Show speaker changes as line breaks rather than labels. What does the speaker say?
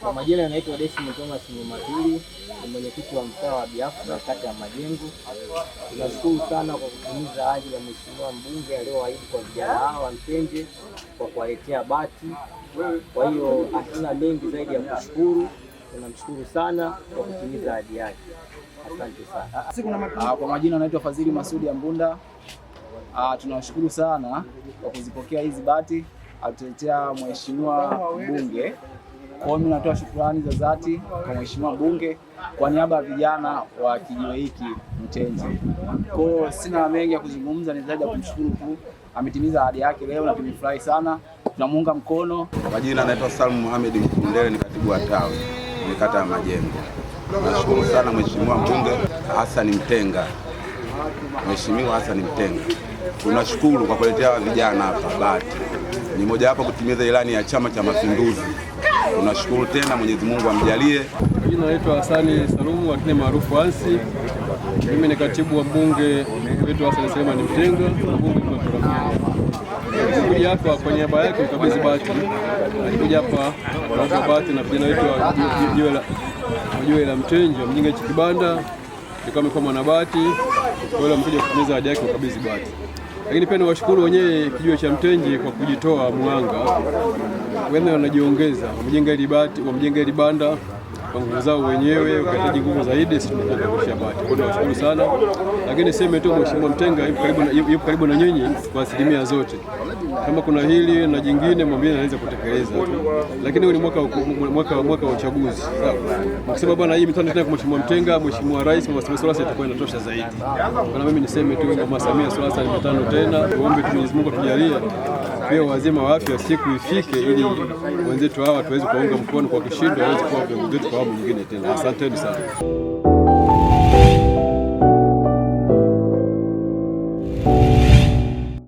Kwa majina yanaitwa Desmond Thomas Nyamatili, ni mwenyekiti wa mtaa wa Biafra kata ya Majengo. Tunashukuru sana kwa kutimiza ahadi ya mheshimiwa mbunge aliyoahidi kwa vijana
hawa Mtenje kwa kuwaletea bati. Kwa hiyo hatuna mengi zaidi ya kushukuru, tunamshukuru sana kwa kutimiza ahadi yake. Asante sana. Kwa majina anaitwa Fadhili Masudi Ambunda Uh, tunawashukuru sana kwa kuzipokea hizi bati alituletea mheshimiwa mbunge. Kwa hiyo mimi natoa shukrani za dhati kwa mheshimiwa mbunge
kwa niaba ya vijana wa kijiwe hiki Mtenzi. Kwa hiyo sina mengi ya kuzungumza, ni zaidi ya kumshukuru tu, ametimiza ahadi yake leo na tumefurahi sana, tunamuunga mkono. Kwa jina anaitwa Salmu Muhamed Mkundele, ni katibu wa tawi ni kata ya Majengo. Nashukuru sana mheshimiwa mbunge Hassan Mtenga,
mheshimiwa Hassan Mtenga tunashukuru kwa kuletea vijana hapa bati ni moja wapo kutimiza ilani ya Chama cha Mapinduzi. Tunashukuru tena, Mwenyezi Mungu amjalie. Jina naitwa Hasani Salumu lakini maarufu Ansi. Mimi ni katibu wa mbunge wetu Hasani Selemani Mtenga, kuja hapa kwa niaba yake kabisa bati, alikuja hapa kwa bati na vijana wetu wa jiwe la mtenja mjinga chikibanda, kibanda, mwanabati kwa hiyo wamekuja kutumiza ahadi yake ukabidhi bati. Lakini pia niwashukuru wenyewe kijiwe cha Mtenji kwa kujitoa mwanga wene wanajiongeza, wamjenga hili banda kwa nguvu zao wenyewe, ukahitaji nguvu zaidi, sisi tunataka tunakamilisha bahati. Kwa hiyo nawashukuru sana, lakini sema tu Mheshimiwa Mtenga yupo karibu na nyinyi kwa asilimia zote. Kama kuna hili na jingine, mwambie anaweza kutekeleza tu, lakini huu ni mwaka mwaka mwaka wa uchaguzi. Sawa, mkisema bwana, hii mitano tena kwa Mheshimiwa Mtenga, Mheshimiwa Rais Mama Samia Suluhu itakuwa inatosha zaidi. Kana mimi niseme tu Mama Samia Suluhu Hassan mitano tena, tuombe tu Mwenyezi Mungu atujalie pia wazima wa afya, siku ifike ili wenzetu hawa tuweze kuwaunga mkono kwa kishindo, waweze kuwa viongozi wetu awamu nyingine tena. Asanteni sana.